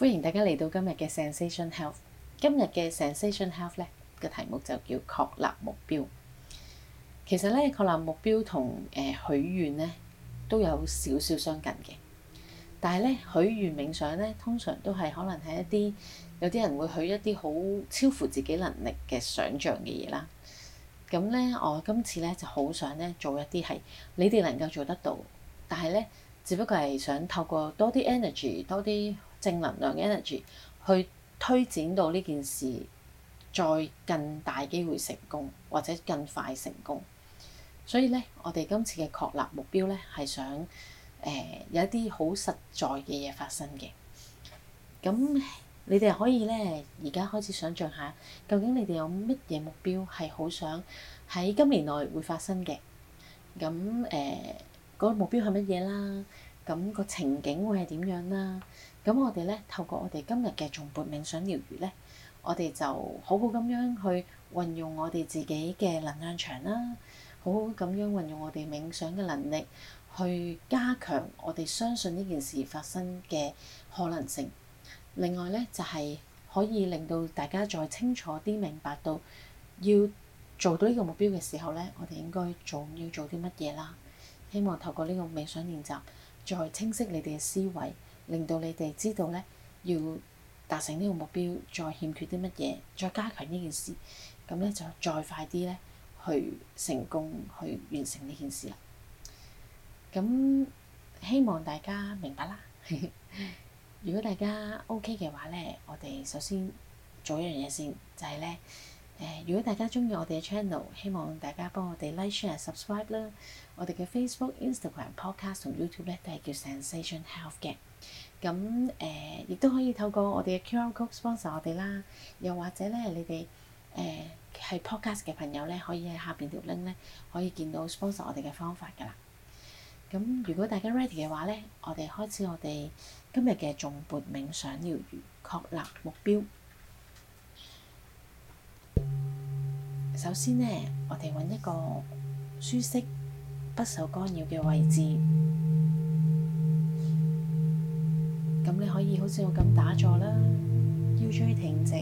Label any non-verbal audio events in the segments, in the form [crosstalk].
歡迎大家嚟到今日嘅 Sensation Health。今日嘅 Sensation Health 呢個題目就叫確立目標。其實呢，確立目標同誒、呃、許願呢都有少少相近嘅，但係呢，許願冥想呢通常都係可能係一啲有啲人會許一啲好超乎自己能力嘅想像嘅嘢啦。咁呢，我今次呢就好想呢做一啲係你哋能夠做得到，但係呢，只不過係想透過多啲 energy 多啲正能量嘅 energy 去推展到呢件事，再更大機會成功或者更快成功。所以呢，我哋今次嘅確立目標呢，係想、呃、有一啲好實在嘅嘢發生嘅。咁你哋可以呢，而家開始想象下，究竟你哋有乜嘢目標，係好想喺今年內會發生嘅？咁誒、呃個目標係乜嘢啦？咁、個情景會係點樣啦？咁我哋咧透過我哋今日嘅頌缽冥想療癒咧，我哋就好好咁樣去運用我哋自己嘅能量場啦，好好咁樣運用我哋冥想嘅能力，去加強我哋相信呢件事發生嘅可能性。另外咧，就係可以令到大家再清楚啲明白到要做到呢個目標嘅時候咧，我哋應該仲要做啲乜嘢啦？希望透過呢個冥想練習，再清晰你哋嘅思維。令到你哋知道咧，要達成呢個目標，再欠缺啲乜嘢，再加強呢件事，咁咧就再快啲咧，去成功去完成呢件事啦。咁希望大家明白啦。 [laughs] 如果大家 OK 嘅話咧，我哋首先做一樣嘢先，就係咧誒。如果大家中意我哋嘅 channel，希望大家幫我哋 like share subscribe 啦。我哋嘅 Facebook、Instagram、Podcast 同 YouTube 咧都係叫 Zensation Health 嘅。咁誒，亦都、呃、可以透過我哋嘅 QR Code sponsor 我哋啦。又或者咧，你哋誒係、呃、Podcast 嘅朋友咧，可以喺下邊條 link 咧，可以見到 sponsor 我哋嘅方法噶啦。咁如果大家 ready 嘅話咧，我哋開始我哋今日嘅頌缽冥想療愈，確立目標。首先呢，我哋揾一個舒適、不受干擾嘅位置。咁你可以好似我咁打坐啦，腰椎挺直，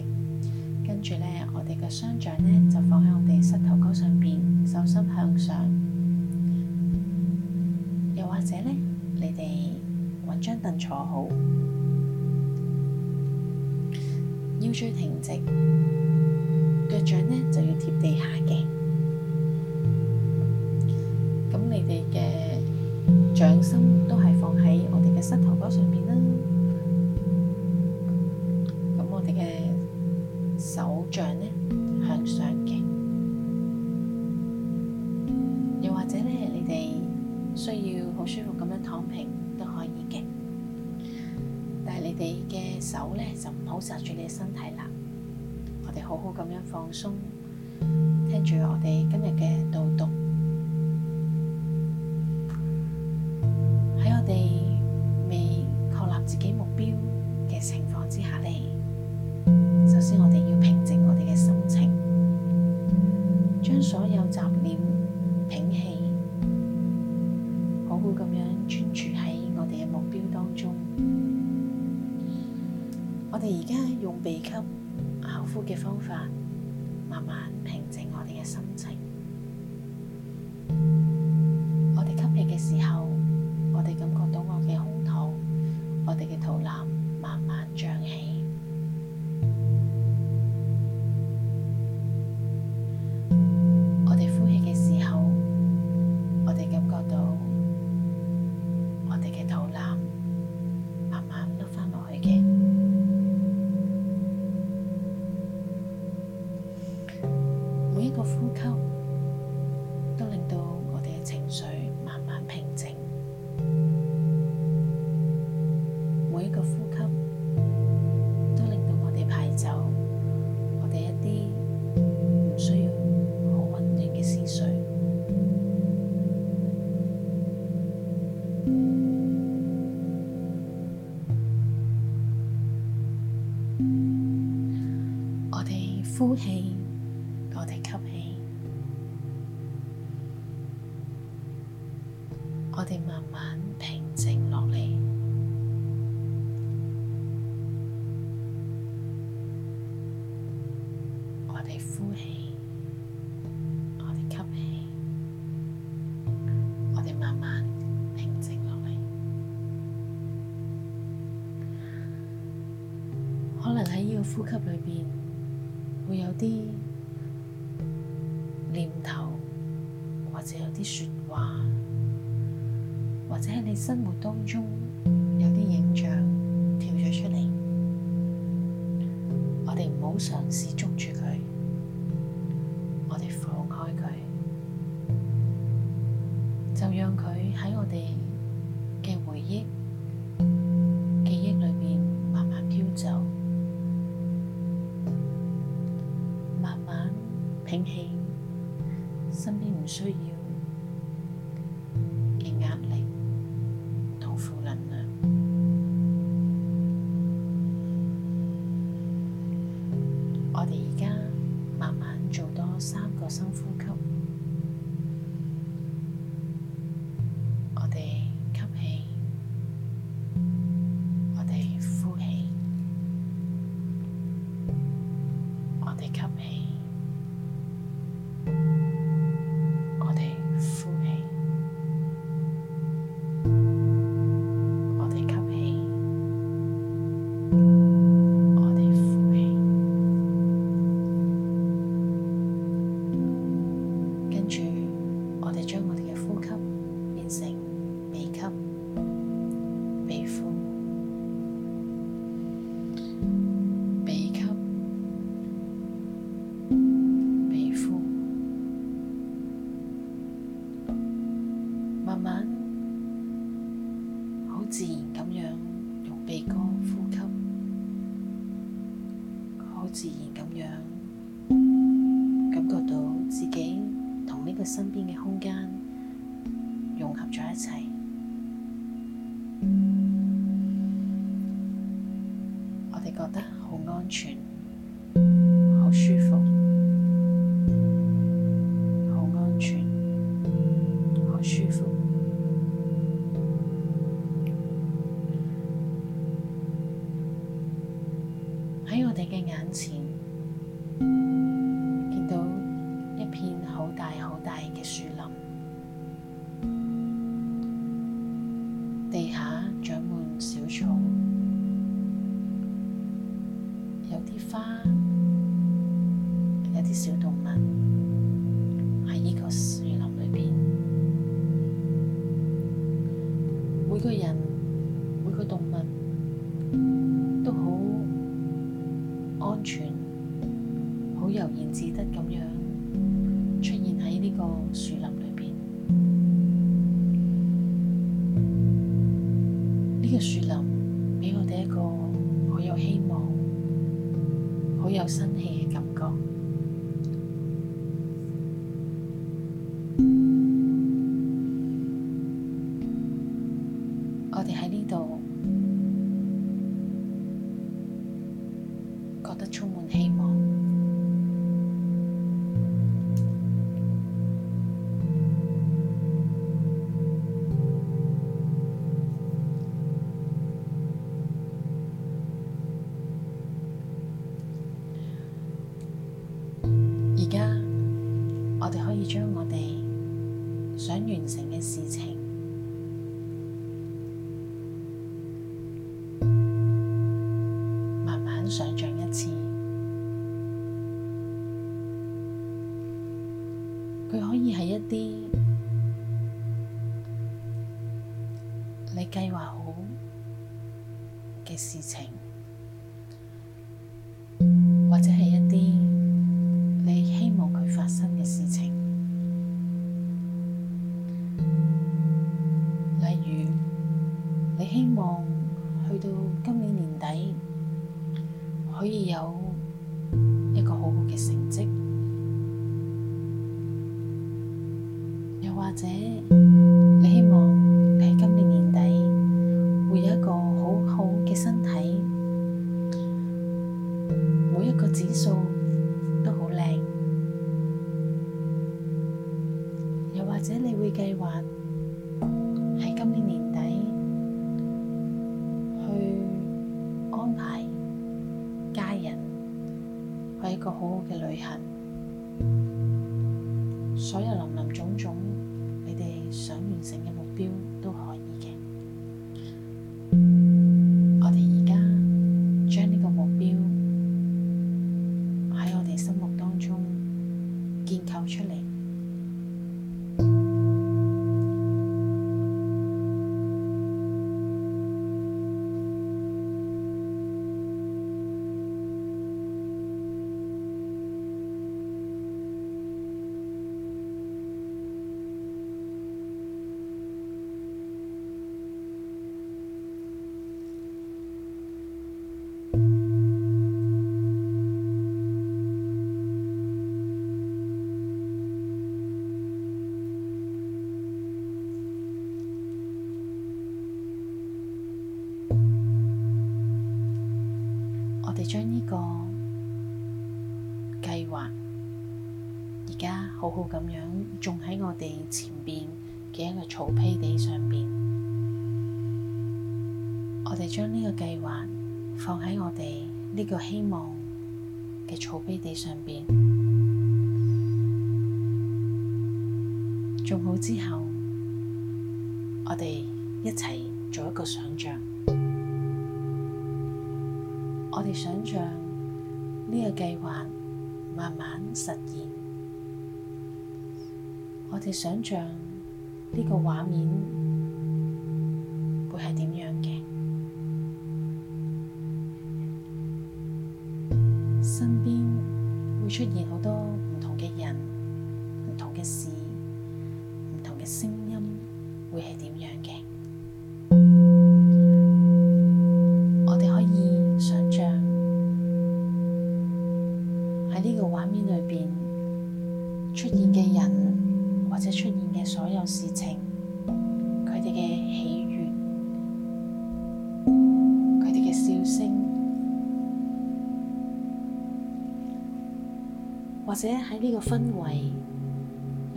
跟住咧，我哋嘅雙掌咧就放喺我哋膝頭哥上邊，手心向上。又或者咧，你哋搵張凳坐好，腰椎挺直，腳掌咧就要貼地下嘅。咁你哋嘅掌心。握住你嘅身體啦，我哋好好咁樣放鬆，聽住我哋今日嘅導讀。喺我哋未確立自己目標嘅情況之下呢，首先我哋要平靜我哋嘅心情，將所有雜。鼻吸口呼嘅方法，慢慢平靜我哋嘅心情。我哋呼氣。就有啲説話，或者喺你生活當中有啲影像跳咗出嚟，我哋唔好嘗試。身邊嘅空間融合咗一齊，我哋覺得好安全。好有生氣嘅感覺。想完成嘅事情，慢慢想象一次。佢可以係一啲你計劃好嘅事情。去到今年年底，可以有一個好好嘅成績；又或者你希望你喺今年年底會有一個好好嘅身體，每一個指數都好靚；又或者你會計劃。所有林林總總，你哋想完成嘅目標，都可以。放喺我哋呢個希望嘅草碑地上邊，種好之後，我哋一齊做一個想象。我哋想象呢個計劃慢慢實現，我哋想象呢個畫面會係點樣？或者喺呢個氛圍，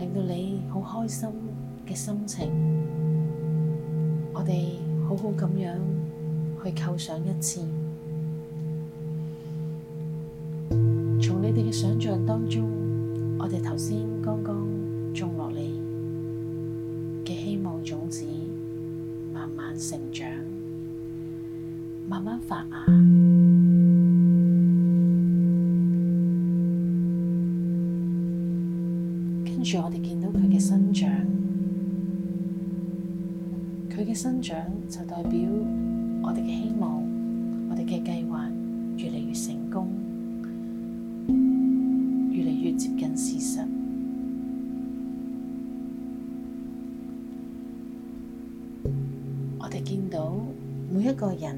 令到你好開心嘅心情，我哋好好咁樣去構想一次。從你哋嘅想象當中，我哋頭先剛剛種落嚟嘅希望種子，慢慢成長，慢慢發芽。跟住我哋見到佢嘅生長，佢嘅生長就代表我哋嘅希望，我哋嘅計劃越嚟越成功，越嚟越接近事實。我哋見到每一個人，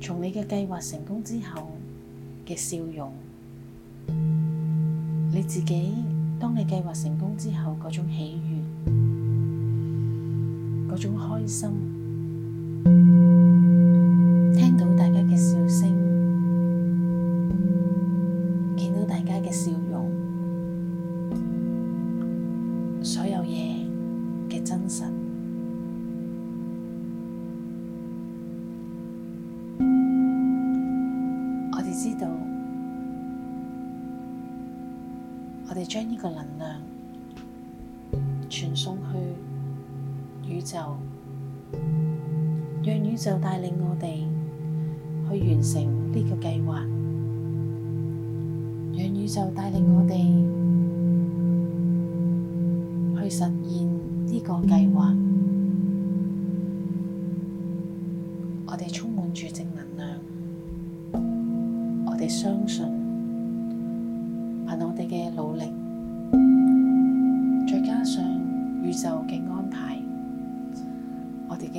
從你嘅計劃成功之後嘅笑容，你自己。當你計劃成功之後，嗰種喜悅，嗰種開心，聽到大家嘅笑聲，見到大家嘅笑容，所有嘢嘅真實。我哋將呢個能量傳送去宇宙，讓宇宙帶領我哋去完成呢個計劃，讓宇宙帶領我哋去實現呢個計劃。我哋充滿住正能量，我哋相信。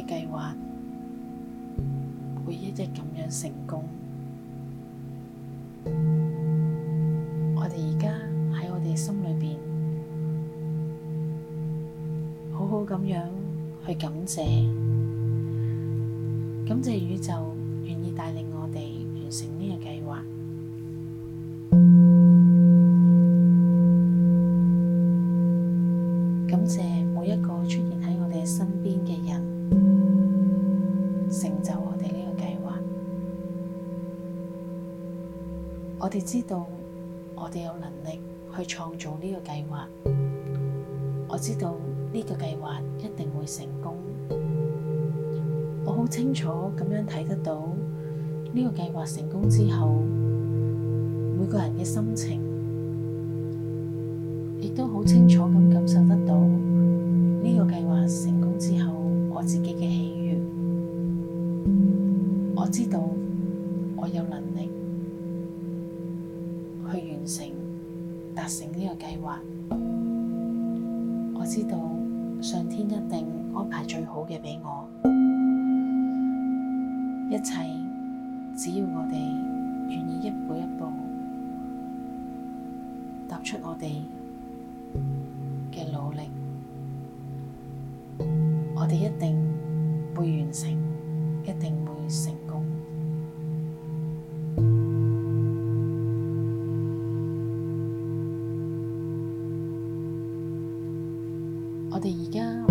一一，我哋而家喺我哋心裏邊，好好咁樣去感謝，感謝宇宙願意帶領我哋完成呢個計劃，感謝。我哋知道，我哋有能力去創造呢個計劃。我知道呢個計劃一定會成功。我好清楚咁樣睇得到，呢個計劃成功之後，每個人嘅心情亦都好清楚咁感受得到。一切只要我哋願意一步一步踏出我哋嘅努力，我哋一定會完成，一定會成功。我哋而家。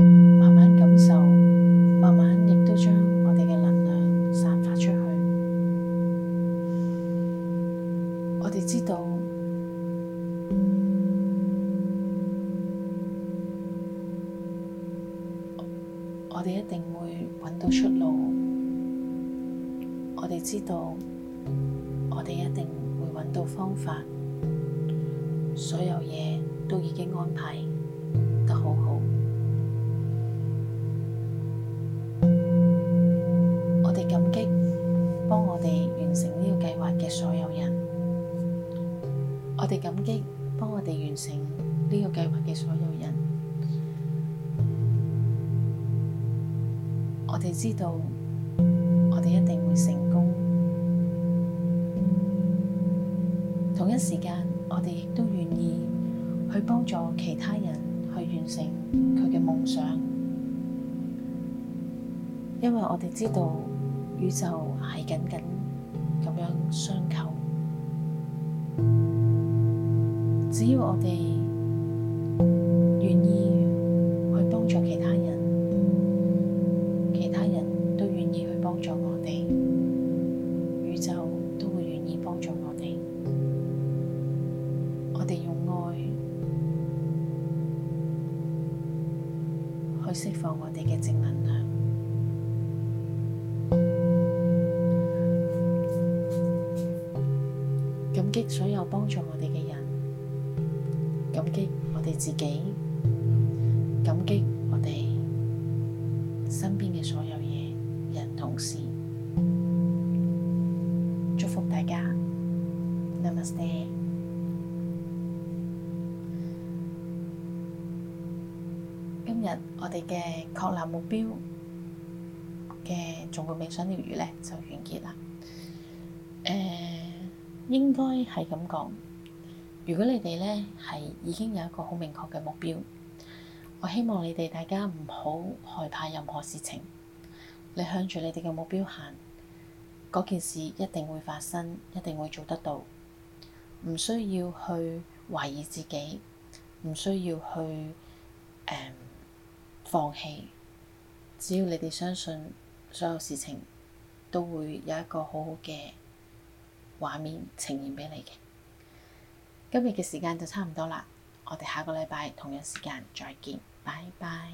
所有嘢都已經安排得好好。我哋感激幫我哋完成呢個計劃嘅所有人。我哋感激幫我哋完成呢個計劃嘅所有人。我哋知道我哋一定會成功。同一時間，我哋亦都。去幫助其他人去完成佢嘅夢想，因為我哋知道宇宙係緊緊咁樣相扣，只要我哋。感激所有幫助我哋嘅人，感激我哋自己，感激我哋身邊嘅所有嘢、人同事，祝福大家。Namaste！今日我哋嘅確立目標嘅仲個冥想療癒咧就完結啦。應該係咁講。如果你哋呢係已經有一個好明確嘅目標，我希望你哋大家唔好害怕任何事情。你向住你哋嘅目標行，嗰件事一定會發生，一定會做得到。唔需要去懷疑自己，唔需要去誒、呃、放棄。只要你哋相信，所有事情都會有一個好好嘅畫面呈現畀你嘅，今日嘅時間就差唔多喇。我哋下個禮拜同樣時間再見，拜拜。